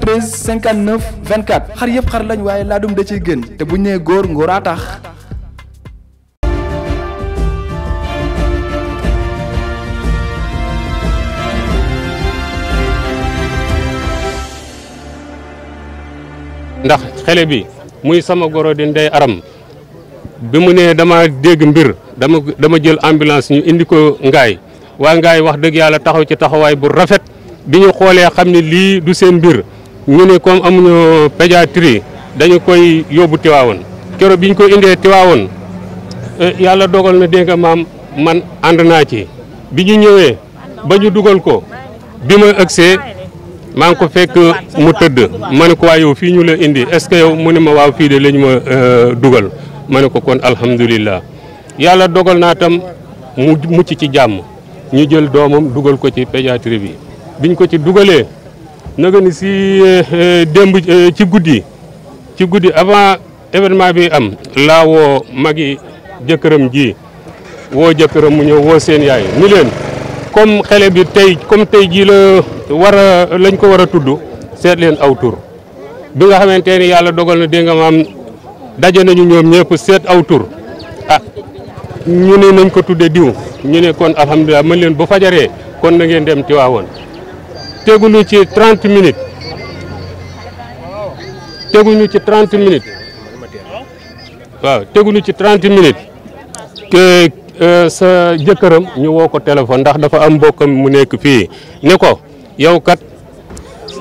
13 59 24 xar yëpp xar lañ waaye laadum da ciy gën te bu ñu nee góor ngóoraa tax. ndax xele bi muy sama goro di ndey aram bi mu ne dama dégg mbir dama dama jël ambulance ñu indi ko ngaay waa ngaay wax dëgg yàlla taxaw ci taxawaay bu rafet bi ñu xoolee xam ne lii du seen mbir ñu ne comme amuñu pédiatrie dañu koy yóbbu Tiwaawoon kero bi ñu ko indee Tiwaawoon eh, yàlla dogal na dégg nga maam man ànd naa ci bi ñu ñëwee ba dugal ko bi ma agsee maa ngi ko fekk mu tëdd ma ne ko waa yow fii ñu la indi est-ce que yow mu ne ma waaw fii de lañu ma eh, dugal ma ne ko kon alhamdulilah yàlla dogal naa tam mu mucc ci jàmm ñu jël doomam dugal ko ci pédiatrie bi biñ ko ci dugalee naka ni si eh, eh, démb eh, ci guddi ci guddi avant événement bi am laa woo magi jëkkëram ji woo jëkkëram mu ñëw woo seen yaay mi leen comme xele bi tey comme tey jii la war a lañ ko war a tudd seet leen aw tur bi nga xamante ni yàlla dogal na dégg nga maam daje nañu ñoom ñëpp seet aw tur a ah, ñu ne nañ ko tudde diw ñu ne kon alhamdulilah mën leen bu fajaree kon na ngeen dem Tiwaawoon teguñu ci 30 minutes teguñu ci 30 minutes waaw teguñu ci 30 minutes ke euh, sa jëkkëram ñu woo ko téléphone ndax dafa am mbokkam mu nekk fii ni ko yow kat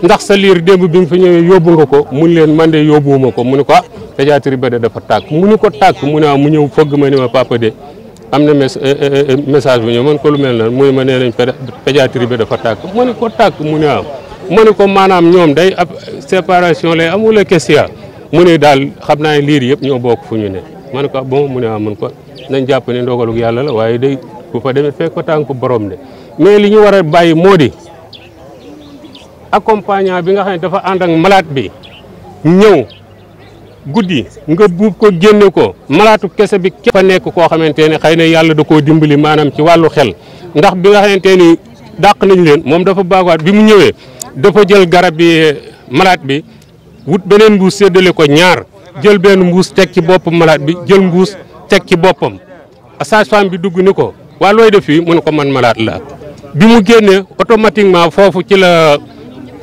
ndax sa liir démb bi mu fi ñëwee yóbbu nga ko mu leen man de yóbbuwuma ko mu ne ko ah pédiatrie ba de dafa tàkk mu ne ko tàkk mu ne ah mu ñëw fëgg ma ne ma papa de. am na eh, eh, eh, message bu ñëw man ko lu mel na mu ne ma nee nañ pédiatrie bi dafa tàkk ma ne ko tàkk mu ne am ne ko maanaam ñoom day ab séparation lay am wala question mu ne daal xam naa ne liir yëpp ñoo bokk fu ñu ne ma ne ko ah bon mu ne am mun ko nañ jàpp ne ndogalug yàlla la waaye day bu fa demee fekk ko tànku borom de mais li ñu war a bàyyi moo di accompagnant bi nga xam ne dafa ànd ak malade bi ñëw guddi nga buub ko génne ko malaatu kese bi képp fa nekk koo xamante ne xëy na yàlla da ko dimbali maanaam ci wàllu xel ndax bi nga xamante ni dàq nañ leen moom dafa baawaat bi mu ñëwee dafa jël garab bi malaat bi wut beneen mbuus séddale ko ñaar jël benn mbuus teg ci boppam malaat bi jël mbuus teg ci boppam sage-femme bi dugg ni ko waa looy def fii mu ne ko man malaat la bi mu génnee automatiquement foofu ci la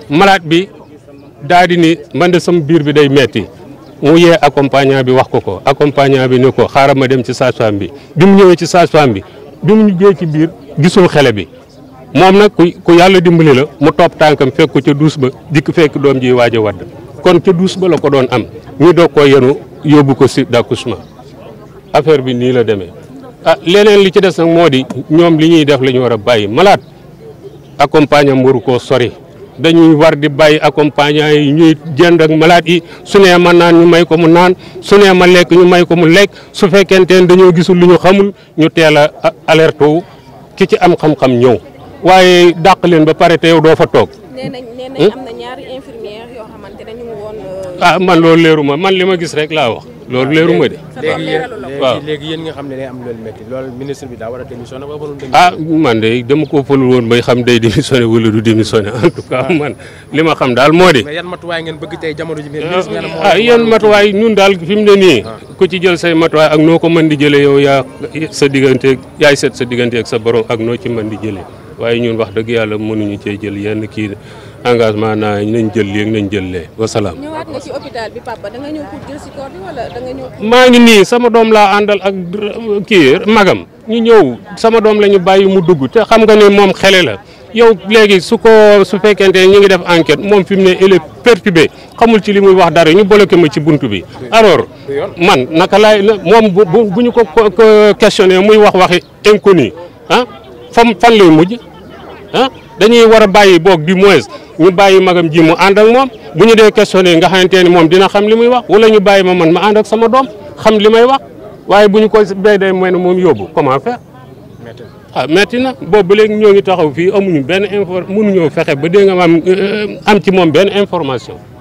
malaat bi daal ni man de sama biir bi day metti mu yee accompagnant bi wax ko ko accompagnant bi ne ko xaaral ma dem ci sage-femme bi bi mu ñëwee ci sage-femme bi bi mu ñëwee ci biir gisul xele bi moom nag ku yàlla dimbali la mu topp tànkam fekk ko ca duus ba dikk fekk doom ji waaj a wadd kon ca duus ba la ko doon am ñu doog ko yenu yóbbu ko si d'accouchement affaire bi nii la demee ah leneen li ci des nag moo di ñoom li ñuy def la ñu war a bàyyi malade accompagnant waru ko sori dañuy war di bàyyi accompagnant yi ñuy jënd mala malade yi su nee ma naan ñu may ko mu naan su nee ma lekk ñu may ko mu lekk su fekkenteen dañoo gisul lu ñu xamul ñu teel a alerte wu ki ci am xam-xam ñëw waaye dàq leen ba pare te yow doo fa toog hmm? ñaari euh, ah man loolu leeruma man li ma gis rek laa wax. loolu leeruma de. waaw léegi léegi nga xam ne day am loolu métti loolu ministre bi daa war a démissionné ah, man de dama ko fëlul woon may xam day démissionné wala du démissionné en tout cas ah. man li ma xam daal moo de. mais matuwaay ngeen bëgg tey jamono ji. Ah, ah yan matuwaay ñun daal fi mu ne nii. ku ci jël say matuwaay ak noo ko mën di jëlee yow yaa sa diggante yaay set sa diggante sa borom ak noo ci mën di jëlee waaye ñun wax dëgg yàlla mënuñu cee jël yenn kii engagement naa nañ jël lii nañ jël lee wasalaam. ñëwaat nga ci hôpital bi maa ngi nii sama doom laa àndal ak kii magam ñu ñëw sama doom la ñu bàyyi mu dugg te xam nga ne moom xele la yow léegi su ko su fekkente ñu ngi def enquete moom fi mu ne il est perturbé xamul ci li muy wax dara ñu bloqué ma ci bunt bi alors man naka laay moom bu ñu ko questionné muy wax waxi inconnu ah, fan fan mujj. ah dañuy war a bàyyi boog du moins ñu bàyyi magam ji mu ànd ak moom bu ñu dee questionné nga xamante ne moom dina xam li muy wax wala ñu bàyyi ma man ma ànd ak sama doom xam li may wax waaye bu ñu ko béy day mooy ne moom yóbbu comment faire. ah metti na boobu léegi ñoo ngi taxaw fii amuñu benn info mënuñoo fexe ba dégg nga am euh, am ci moom benn information.